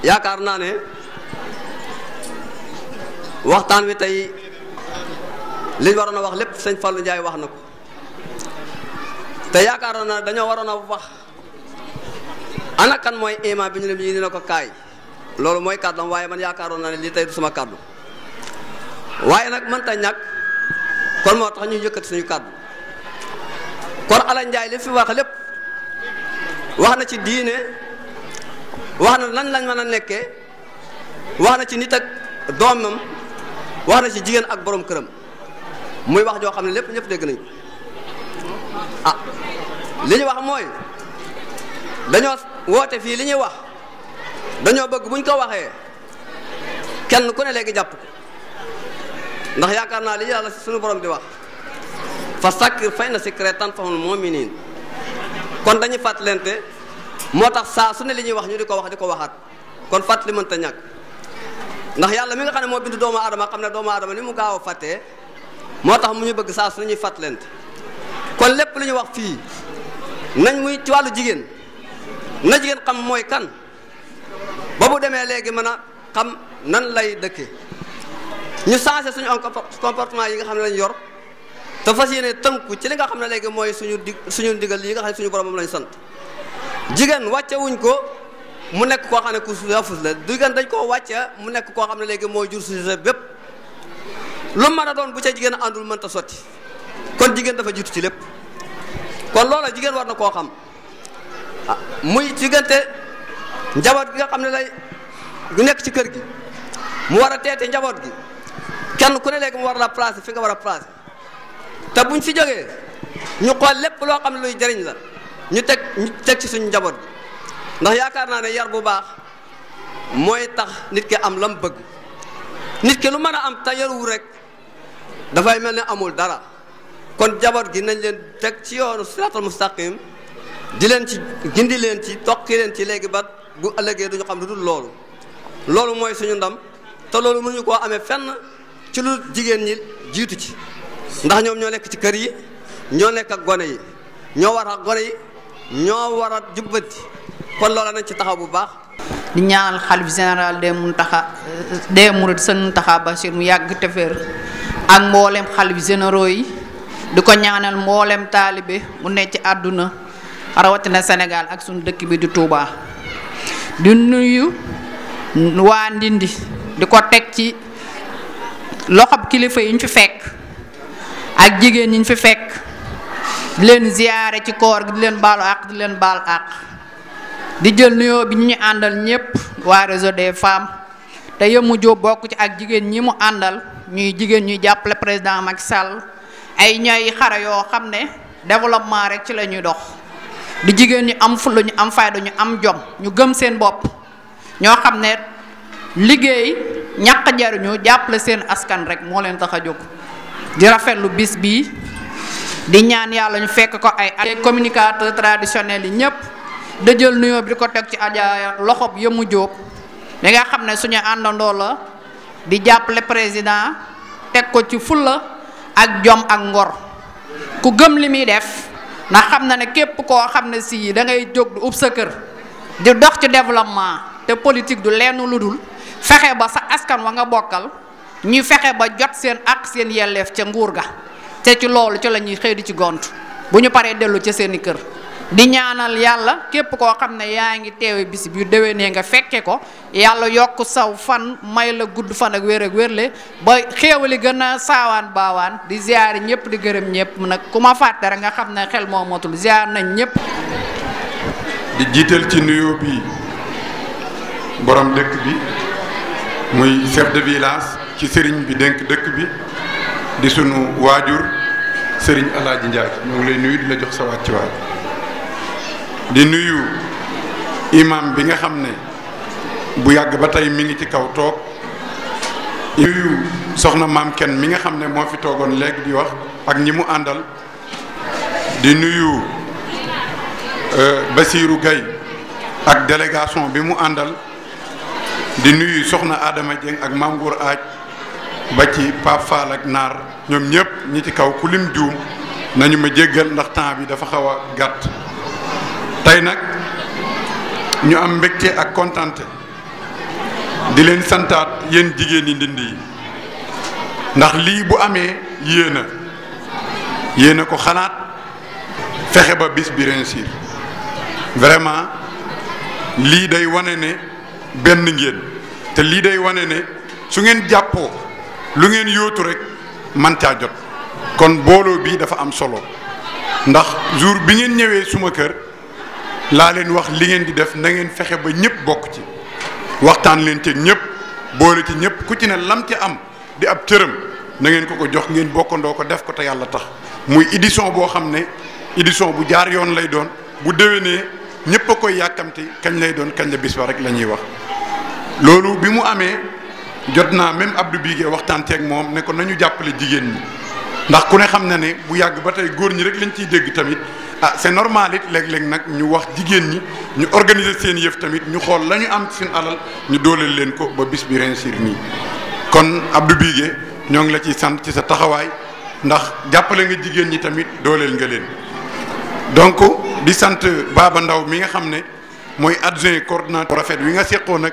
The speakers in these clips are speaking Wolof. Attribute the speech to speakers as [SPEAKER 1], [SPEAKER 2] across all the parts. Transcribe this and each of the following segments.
[SPEAKER 1] Ya karena ne waxtan wi tay liñ warona wax lepp sëñ Fallou Ndiaye wax nako ko te yaakaar dañu warona wax ana kan moy imaam biñu ñu ne ñu ne ko kaay loolu mooy man yaakaaroon ne li tay du kaddu waye nak man ta ñak kon mo tax ñu yëkkat suñu kaddu kon ala li fi wax lepp waxna ci diine. wax na lan lañ mën a nekkee wax na ci nit ak doomam wax na ci jigéen ak boroom këram muy wax joo xam ne lépp ñëpp dégg nañ ah li ñu wax mooy dañoo woote fii li ñuy wax dañoo bëgg buñ ko waxee kenn ku ne léegi jàpp ndax yaakaar naa li yàlla suñu borom di wax fa sàkk fay na si crétan fahul mu'minin kon dañuy fàttalente moo tax saa su ne li ñuy wax ñu di ko wax di ko waxaat kon fàttali te ñàkk ndax yàlla mi nga xam ne moo bind doomu aadama xam ne doomu adama ni mu gaaw a moo tax mu ñu bëgg saa su ne ñuy fàttalante kon lépp lu ñu wax fii nañ muy ci wàllu jigéen na jigéen xam mooy kan ba bu demee léegi mën a xam nan lay dëkke ñu changé suñu am comportement yi nga xam ne lañ yor te fas yéene tënku ci li nga xam ne léegi mooy suñu di suñu ndigal yi nga xam suñu borom moom lañ sant jigen wacce wuñ ko mu nek ko xamne ku suufus la jigen dañ ko wacce mu nek ko xamne legi mo jur suuf bepp lu mën a doon bu ca andul àndul ta soti kon jigen dafa jitu ci lepp kon loolu jigen war na ko xam ah, muy jigante njabot gi nga xamne lay gu nek ci kër gi mu wara a njabot gi kenn ku ne legi mu war la place fi nga wara place ta buñ fi joge ñu xol lepp lo xamne luy jëriñ la ñu teg ñu teg ci suñu njaboot gi ndax yaakaar naa ne yar bu baax mooy tax nit ki am lam bëgg nit ki lu mën a am te rek dafay mel ne amul dara kon jaboot gi nañ leen teg ci yoonu siraatal mustaqim di leen ci gindi leen ci tokki leen ci léegi ba bu ëllëgee duñu xam lu dul loolu loolu mooy suñu ndam te loolu mënuñu ko amee fenn ci lu jigéen ñi jiitu ci ndax ñoom ñoo nekk ci kër yi ñoo nekk ak gone yi ñoo war ak gone yi ñoo wara a jubbanti
[SPEAKER 2] kon loola nañ ci taxaw bu baax. di ñaanal xalif général des Mountakha des Mourides sëñ Mountakha Bachir mu yàgg te ak mboolem xalif généraux yi di ko ñaanal mboolem taalibe mu ne ci àdduna rawatina Sénégal ak suñu dëkk bi du Touba. di nuyu waa Ndindi di ko teg ci loxob kilifa yi ñu fi fekk ak jigéen ñi ñu fi fekk. di len ziaré ci koor gi di len balu ak di len bal ak di jël nuyo bi ñi andal ñepp wa réseau des femmes té yëmu jo bokku ci ak jigen ñi mu andal, ñuy jigen ñuy jàppale président Macky Sall ay ñay xara yo xamné développement rek ci lañuy dox di jigen ñi am fulu ñu am fayda ñu am jom ñu gëm seen bopp ñoo xam ne liggéey ñàq jaruñu le seen askan rek molen leen taxajuk di rafetlu bis bi di ñaan yalla ñu fekk ko ay ay communicateur traditionnel yi ñep de jël nuyo bi ko tek ci aja loxob yëmu jóob mi nga xamne suñu andando la di jappelé président tek ko ci fulla ak jom ak ngor ku gëm limi def na xamna ne kep ko xamne si da ngay jog du upp di dox ci développement te politique du lenn lu fexé ba sa askan wa nga bokal ñu fexé ba jot seen ak seen yelleef ci nguur ga te ci loolu ci lañuy ñuy xëy di ci gont bu ñu paree dellu ci seeni kër di ñaanal yàlla képp koo xam ne yaa ngi teewe bis bi déwénee nga fekke ko yàlla yokk saw fan may la gudd fan ak wér ak wérle ba xéewali gën a saawaan baawaan di ziar ñëpp di gërëm ñëpp nag ku ma fàtte rek nga xam ne xel moo motul ziar nañ ñëpp.
[SPEAKER 3] di jiital ci nuyoo bi borom dëkk bi muy chef de village ci sëriñ bi dénk dëkk bi. di sunu waajur sëriñ alaaji Njaay ñu ngi lay nuyu dina la jox ci wàccuwaay di nuyu imam bi nga xam ne bu yàgg ba tey mi ngi ci kaw toog nuyu soxna maam kenn mi nga xam ne moo fi toogoon léegi di wax ak ñi mu àndal di nuyu euh, Basiiru Gay ak délégation bi mu àndal di nuyu soxna aadama Dieng ak maam Ngour Aaj ba ci Pape Fall ak Naar ñoom ñëpp ñi ci kaw ku lim juum nañu ma jéggal ndax temps bi dafa xaw a gàtt tey nag ñu am mbégte ak kontante di leen santaat yéen jigéen ñi ndindi yi ndax lii bu amee yéen a yéen ko xalaat fexe ba bis bi réussir vraiment lii day wane ne benn ngeen te lii day wane ne su ngeen jàppoo lu ngeen yootu rek man caa jot kon booloo bii dafa am solo ndax jour bi ngeen ñëwee suma kër laa leen wax li ngeen di def na ngeen fexe ba ñëpp bokk ci waxtaan leen ci ñëpp boole ci ñëpp ku ci ne lam ci am di ab cëram na ngeen ko ko jox ngeen bokkandoo ko def ko te yàlla tax muy édition boo xam ne édition bu jaar yoon lay doon bu déwénee ñëpp a koy yàkkamti kañ lay doon kañ la bis rek la ñuy wax loolu bi mu amee. jot naa même Abdou Bigué waxtaan ceeg moom ne ko nañu jàppale jigéen ñi ndax ku ne xam na ne bu yàgg ba tey góor ñi rek lañ ciy dégg tamit ah c'est normal it léeg-léeg nag ñu wax jigéen ñi ñu organiser seen yëf tamit ñu xool lañu am ci suñu alal ñu dooleel leen ko ba bis bi réussir nii kon Abdou Bigué ñoo ngi la ciy sant ci sa taxawaay ndax jàppale nga jigéen ñi tamit dooleel nga leen donc di sant Baba Ndaw mi nga xam ne mooy adjoint coordonnateur rafet wi nga seqoo nag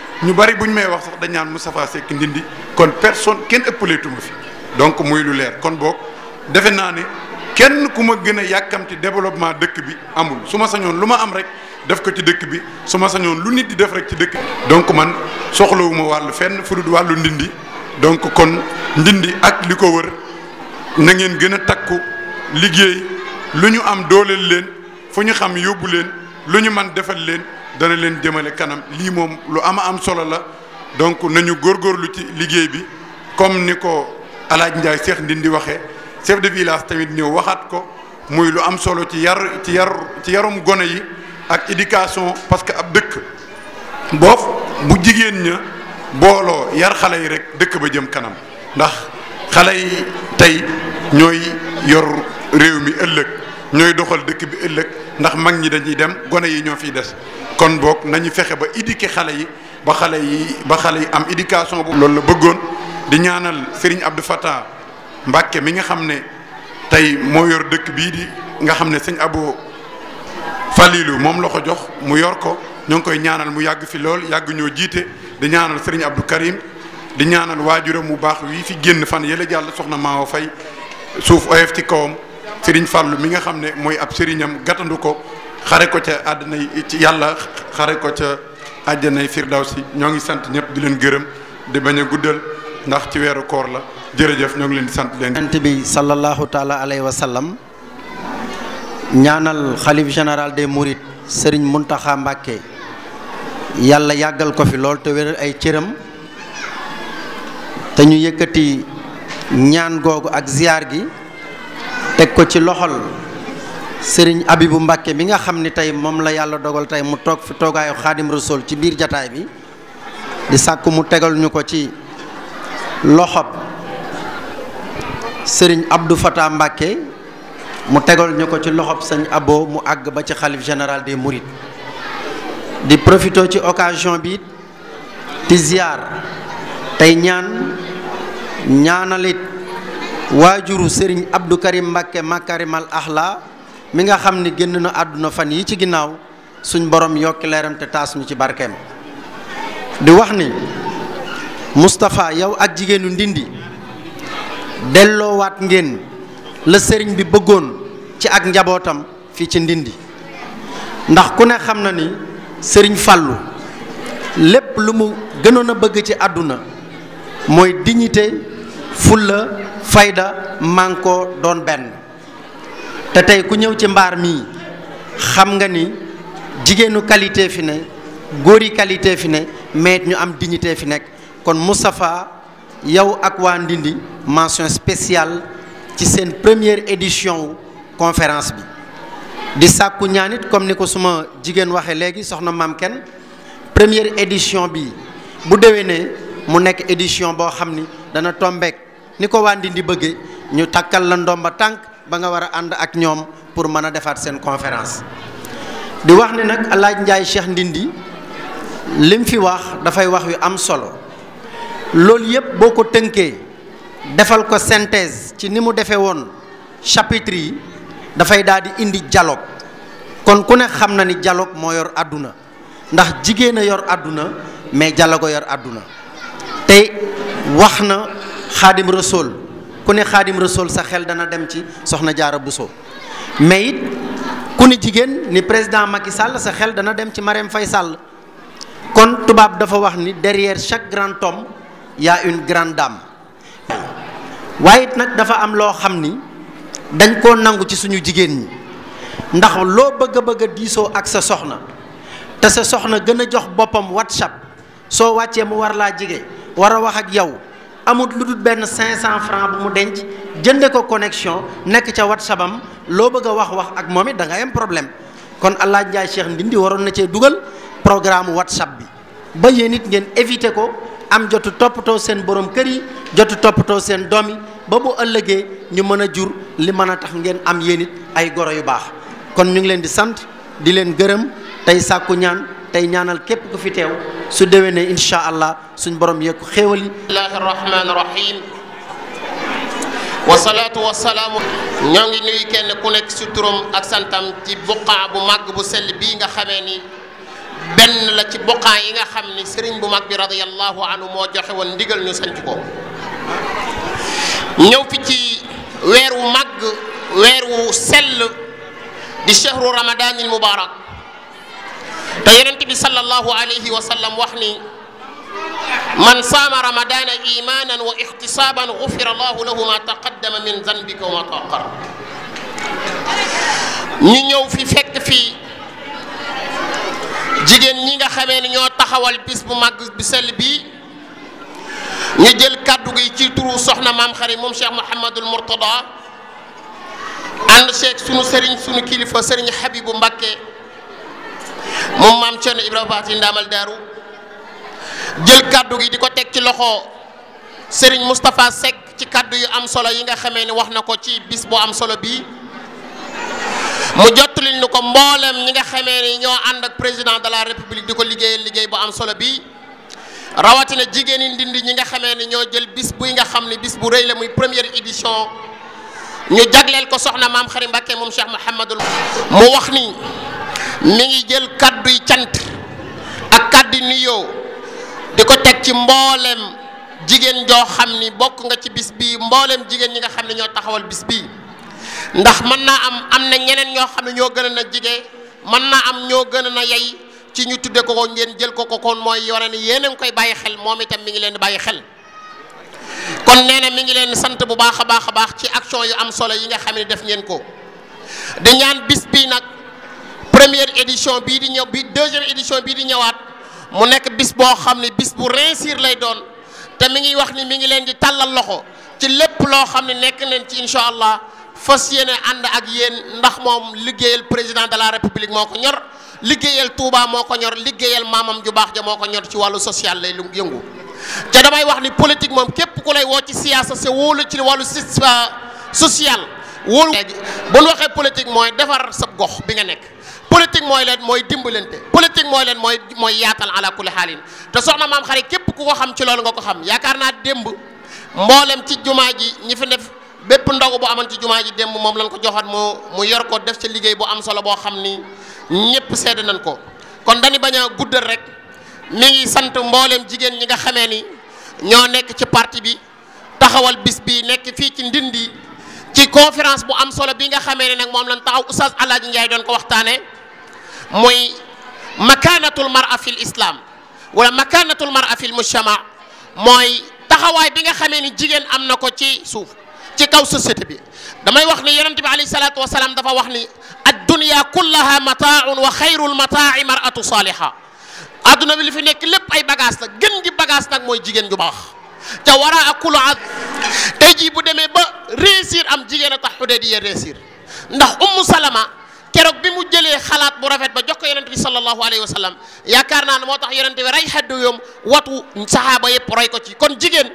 [SPEAKER 3] ñu bari bu ñu may wax sax dañaan naan Moustapha Seck Ndindi kon personne kenn ëppaleetuma fi donc muy lu leer kon boog defe naa ne kenn ku ma gën a yàkkamti développement dëkk bi amul su ma sañoon lu ma am rek def ko ci dëkk bi su ma sañoon lu nit di def rek ci dëkk bi. donc man soxlawuma wàll fenn fu wàllu ndindi donc kon ndindi ak li ko wër na ngeen gën a takku liggéey lu ñu am dooleel leen fu ñu xam yóbbu leen lu ñu man defal leen. dana leen jëmale kanam lii moom lu ama am solo la donc nañu góorgóorlu ci liggéey bi comme ni ko alaaj Ndiaye Cheikh Ndindi waxee chef de village tamit ñëw waxaat ko muy lu am solo ci yar ci yar ci yarum gone yi ak éducation parce que ab dëkk boof bu jigéen ña booloo yar xale yi rek dëkk ba jëm kanam ndax xale yi tey ñooy yor réew mi ëllëg ñooy doxal dëkk bi ëllëg ndax mag ñi dañuy dem gone yi ñoo fiy des kon boog nañu fexe ba éduquer xale yi ba xale yi ba xale yi am éducation boobu loolu la bëggoon di ñaanal Serigne Abdou Fattah Mbacke mi nga xam ne tey moo yor dëkk bii di nga xam ne sëñ Abo Falilu moom la ko jox mu yor ko ñoo ngi koy ñaanal mu yàgg fi lool yàgg ñoo jiite di ñaanal Serigne Abdou Karim di ñaanal waajuram mu baax wii fi génn fan yële jàll soxna Maawa Fay suuf oyof ci kawam Serigne Fàllu mi nga xam ne mooy ab sëriñam gàttandu ko xare ko ca àddina yi yàlla xare ko ca àjjanay firdawsi ñoo ngi sant ñëpp di leen gërëm di bañ a guddal
[SPEAKER 4] ndax ci weeru koor la jërëjëf ñoo ngi leen di sant leen. yonent bi sallallahu taala alayhi wa sallam ñaanal xalif général des Mourides sëriñ Mountakha Mbacké yàlla yàggal ko fi lool te wéral ay cëram te ñu yëkkati ñaan googu ak ziar gi teg ko ci loxol. Sirin Abibu Mbàkke mi nga xamni tay mom la yalla dogal tay mu tok fi toogaayu khadim rasul ci bir jotaay bi di sakku mu tegal ñuko ci loxop serigne Abdou Fata Mbàkke mu tegal ñuko ci loxop serigne Abo mu ag ba ci xalif murid des Mourides di profito ci occasion bi di ziar tay ñaan ñaanalit wajuru serigne Abdou Karim Mbàkke Makarimal ahla mi nga xam ni génn na àdduna fan yi ci ginnaaw suñ borom yokki leeram te taas ñu ci barkeem di wax ni Moustapha yow ak jigéenu Ndindi delloowaat ngeen la sëriñ bi bëggoon ci ak njabootam fii ci Ndindi ndax ku ne xam na ni sëriñ Fàllu lépp lu mu gënoon a bëgg ci àdduna mooy dignité fulla fayda mànkoo doon benn te tey ku ñëw ci mbaar mii xam nga ni jigéenu qualité fi ne góor yi qualité fi ne mais ñu am dignité fi nekk kon Moustapha yow ak waa Ndindi mention spéciale ci seen première édition conférence bi di sàkku ñaanit comme ni ko suma jigéen waxee léegi soxna maam kenn première édition bi bu ne mu nekk édition boo xam ni dana tombeek ni ko waa Ndindi bëggee ñu takkal la ndomba tànk ba nga wara and ak ñom pour mëna défat sen conférence di wax ni nak alaaj Njaay Cheikh Ndindi lim fi wax fay wax yu am solo lool yëpp boko teunké défal ko synthèse ci ni mu défé won chapitre yi dafay daal di indi dialogue kon ku ne xam na ni dialogue mo yor aduna ndax jigéena yor aduna mais dialogue yor aduna tay waxna khadim xaadim ku ne xaadim rasul sa xel dana dem ci soxna jaara buso mais it ku ne jigéen ni president Macky Sall sa xel dana dem ci Mariam Faisal. Sall kon tubab dafa wax ni derrière chaque grand homme y a une grande dame waye nak dafa am lo xamni dañ ko nangu ci suñu jigen ni ndax lo bëgg bëgg a diisoo ak sa soxna te sa soxna gëna jox bopam whatsapp So wàccee mu war la jigé wara wax ak yow amut lu dul benn 500 francs bu mu denc jënde ko connexion nekk ca whatsapp am loo bëgg a wax wax ak moom it da ngay am problème kon El Hadj Ndiaye Cheikh Ndindi waroon na cee dugal programme whatsapp bi ba yéen it ngeen éviter ko am jotu toppatoo seen borom kër yi jotu toppatoo seen doom yi ba bu ëllëgee ñu mën a jur li mën a tax ngeen am yéen ay goro yu baax kon ñu ngi leen di sant di leen gërëm tey sàkku ñaan. تاي نانال كيب كو في تيو سو ديوي ان شاء الله سون بروم ييكو خيوال
[SPEAKER 5] الله الرحمن الرحيم والصلاة والسلام نيغي نوي كين كو نيك سو تروم اك سانتام تي بوقا بو ماغ بو سيل بيغا خاميني بن لا تي بوقا ييغا خامني سيرين بو ماغ بي رضي الله عنه مو جوخي وون ديغال نيو سانتي كو نيو في تي ويرو ماغ ويرو سيل دي شهر رمضان المبارك تيرنتي بي صلى الله عليه وسلم وحني من صام رمضان ايمانا واحتسابا غفر الله له ما تقدم من ذنبك وما تاخر ني نيو في فك في جيجين نيغا خامي ني نيو تخاوال بيس بو ماغ بيسل بي ني جيل كادو غي تي تورو سخنا مام خري موم شيخ محمد المرتضى عند شيخ سونو سيرين سونو كليفه سيرين حبيب مبكه mom mam Cerno ibrahim Faati ndaamal daru djel kàddu gi di tek ci loxo Serigne mustapha sek ci kàddu yu am solo yi nga xamé ni wax nako ci bis bo am solo bi mu jotulil ni ko mboolem ñi nga xame ni no ànd ak président de la république diko liggey liggey bo am solo bii rawatina jigéeni ndindi ñi nga xame ni no djel bis bu nga xamni bis bu reey la muy première édition ñu jaglel ko soxna mam Xari Mbàkke mom Cheikh mohammedou mu wax ni. mi ngi jël kàdduy cant ak kàddu yow di ko teg ci mboolem jigéen joo xam ni bokk nga ci bis bii mboolem jigéen ñi nga xam ne ñoo taxawal bis bi ndax mën naa am am na ñeneen ñoo xam ne ñoo gën a nag jigee mën naa am ñoo gën a na yey ci ñu tudde ko ko ngeen jël ko ko kon mooy yore ni yéen a ngi koy bàyyi xel moom itam mi ngi leen di bàyyi xel kon nee na mi ngi leen sant bu baax a baax a baax ci action yu am solo yi nga xam ne def ngeen ko di ñaan bis bii nag. première édition bii di ñëw bi deuxième édition bii di ñawaat mu nekk bis boo xam ne bis bu réussir lay doon te mi ngi wax ni mi ngi leen di tàllal loxo ci lépp loo xam ne nekk nañ ci incha allah fas yéene ànd ak yéen ndax moom liggéeyal président de la république moo ko ñor liggéeyal Touba moo ko ñor liggéeyal maamam ju baax ja moo ko ñor ci wàllu social lay yëngu te damay wax ni politique moom képp ku lay woo ci siyaasa se wóolu ci wàllu social wóolu bu ñu waxee politique mooy defar sa gox bi nga nekk politique mooy leen mooy dimbalante politique mooy leen mooy mooy yaatal ala kulli xaalin te soxna maam xari képp ku ko xam ci loolu nga ko xam yaakaar naa démb mboolem ci jumaa ji ñi fi def bépp ndox bu amoon jumaa ji démb moom lañ ko joxoon mu mu yor def ci liggéey bu am solo boo xam ni ñëpp sedd nañ ko kon dañu bañ a guddal rek mi ngi sant mboolem jigéen ñi nga xamee ni ñoo nekk ci parti bi taxawal bis bi nekk fii ci ndindi ci conférence bu am solo bi nga xamee ne nag moom lañ taxaw oustaz Alaaji Njaay doon ko waxtaanee. موي مكانه المراه في الاسلام ولا مكانه المراه في المجتمع موي تخاواي بيغا خامي ني جيجين امنا كو تي سوف تي كاو سوسيتي بي داماي واخ ني يونتي عليه الصلاه والسلام دافا واخ ني الدنيا كلها متاع وخير المتاع مراه صالحه ادنا اللي في نيك ليب اي باغاس لا گن دي باغاس نا موي جيجين جو باخ تا ورا اكل عاد تيجي بو ديمي با ريسير ام جيجين تحدد يا ريسير ndax ummu salama keroog bi mu jëlee xalaat bu rafet ba jox ko yonent bi sallallahu alayhi wa sallam yaakaar naa ne moo tax yonent bi rey xeddu yoom watu saxaaba yëpp roy ko ci kon jigéen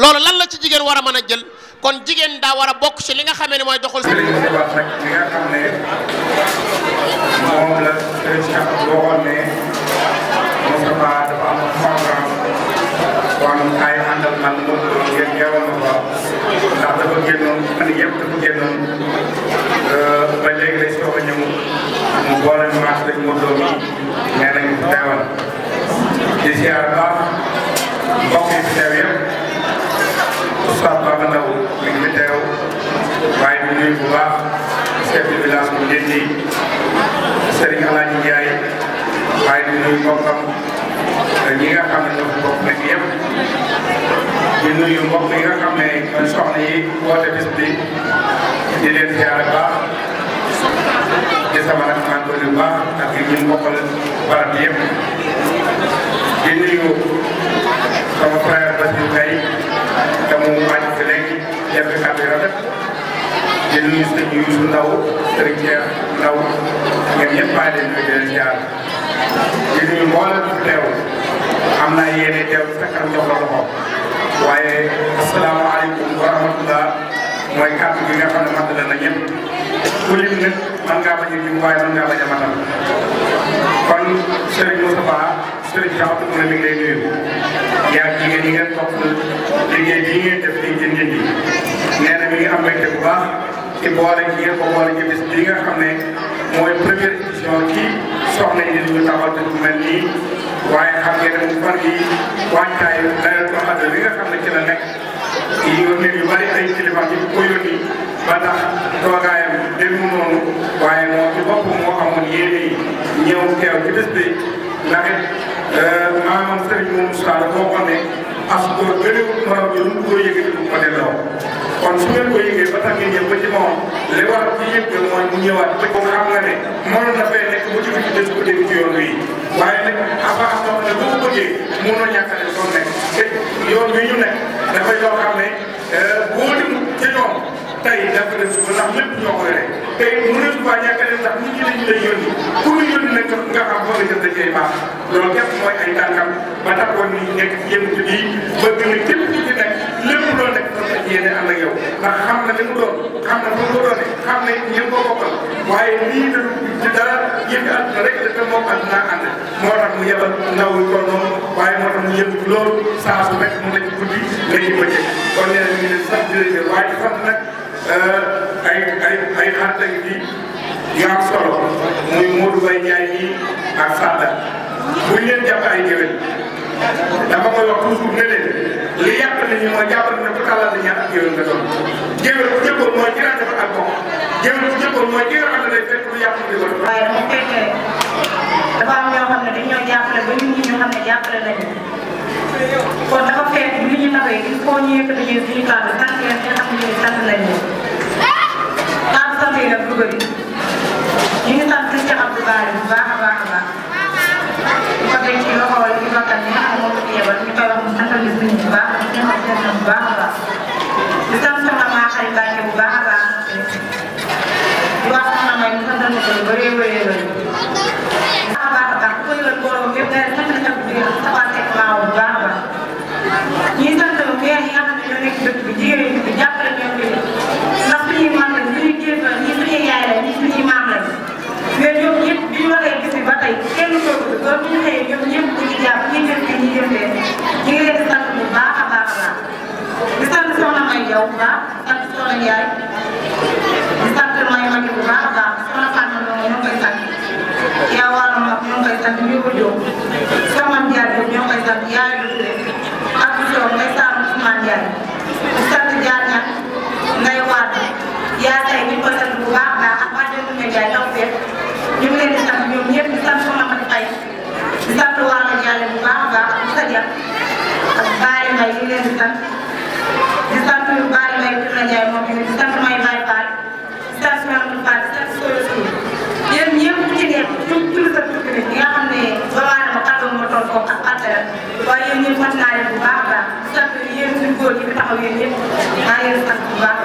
[SPEAKER 5] loolu lan la ci jigéen war a mën a jël kon jigéen daa war a bokk ci li nga xamee ne mooy doxul. li nga xam
[SPEAKER 6] mu boole maas rek mu doom yi nee nañ fi teewal di ziar baax mbokk yi fi teew yëpp Oustaz Baba Ndaw mi ngi fi teew waaye di nuyu bu baax chef de village bu njëkk yi Serigne Alaaji Njaay waaye di nuyu mbokkam ñi nga xam ne ñoo fi bokk nekk yëpp di nuyu mbokk yi nga xam ne man soxna yi woote bis bi di leen ziar baax di sama nag maa ngi baax ak yi ñu bokkal barab bi yëpp di nuyu sama frère Basir Gueye te mu wàcc fi léegi def fi kàddu Ndaw sëriñ Cheikh Ndaw ngeen ñëpp bàyyi leen fi di leen jaar di nuyu mboolem fi am naa yéene teew sa kanam jox la waaye asalaamaaleykum wa rahmatullah mooy kàddu gi nga ne mat na ñëpp ku lim nag man ngaa bañ a lim waaye man ngaa bañ a matal kon Serigne Moustapha Serigne Thiaw tudd na mi ngi lay nuyu yaa jigéen ñi ngeen topp liggéey bii ngeen def liñ jën jën ji nee na mi ngi am mbégte bu baax ci boole gi ngeen ko boole ci bis bii nga xam ne mooy première édition ci soxna yi ñu taxawal te du mel nii waaye xam ngeen ne fan yii waajtaay nawet boo xam ne li nga xam ne ci la nekk yi nit yu bari ay kilifa yi ko yónni ba tax toogaay bés bi ndax it euh, maanaam Serigne Moussa Moustapha moo ko ne as góor gënewul morom bi lu mu ko yëgati bu ko delloo kon su ngeen ko yëgee ba tax ngeen ñëw ba ci moom li war ci yëg mooy mu ñëwaat ba ko xam nga ne mënoon na fee nekk bu ci ci des ko dégg ci yoon wi waaye nag avant soo ne bu ko bëggee mënoo ñàkk a def nekk te yoon wi ñu nekk dafay loo xam ne euh, boo lim ci ñoom tey dafa def suba ndax lépp ko yore te mënatu faa ñàkk a leen tax nit ñi dañu lay yónni pour ñu yónni nag nga xam fa nga jëm da cee baax loolu mooy ay tànkam ba taxoon ni nekk ci yëngatu bii bëgg na képp ku ci nekk lépp loo nekk doon na ci mu doon xam mu ko doone xam na ñëpp ko ci dara yëngu àdduna moo tax mu yebal ndaw yu ko noonu waaye moo tax mu yëngatu loolu Euh, ay ay ay xarit bi yu am solo muy Modou Mbaye Ndiaye yi ak Sanda bu ñu leen jàpp ay jëwel dama koy wax toujours ne leen li yàq nañu mooy jàppal ne bu tàllal dañuy ak jëwel nga doon jëwel bu jëkkoon mooy jëlaat dafa ak bopp jëwel bu jëkkoon mooy jëwel am na day fekk lu yàq di ko waaye bu fekkee
[SPEAKER 7] dafa am ñoo xam ne dañoo jàppale ba ñun ñi ñoo xam ne jàppale nañu kon dafa fekk li ñu nawee il faut ñu yëkkati ñu suñu kàddu sant yéen ñi nga xam ne sant nañ leen. sant sant yi nag du bëri ñu ngi sant a baax a baax bu ko teg ci loxo wala ci bakkan bi nga xam ne moo fi yebal ñu koy a baax di sant a baax. waaw sax naa may sant nañu ko ba léegi ba léegi lañu.
[SPEAKER 2] waaw baax a baax ku ko yëgal borom
[SPEAKER 7] yëpp day sant nañu ko bu baax a baax ñuy sant lu weer yi nga xam ne ñoo nekk dëkk bi jigéen ñi di jàppale ñoom ñu ndax suñuy maam lañ suñuy kilifa ñi suñuy yaay lañ ñi suñuy maam lañ mais ñoom ñëpp bi ñu waxee gis ba tey kenn kooku bi ba bu ñu xëyee ñoom ñëpp ñu ngi jàpp ñi jëm fii ñi jëm fee ñu ngi leen di sant bu baax a baax a baax di sant soxna May Jaw bu baax ak soxna Ndiaye sant nañu ma bu baax a baax sama fànn ñoom ñoo koy sant yaa wàllu mag ñoo koy sant ñu ko jóg sama njaay bi ñoo koy sant yaay bi rek ak soo ngay sant Ousmane Ndiaye di sant jaar ñaar ngay waat yaa tey ñu ko sant bu baax a fi taxaw yéen ñëpp maa ngi leen sant bu baax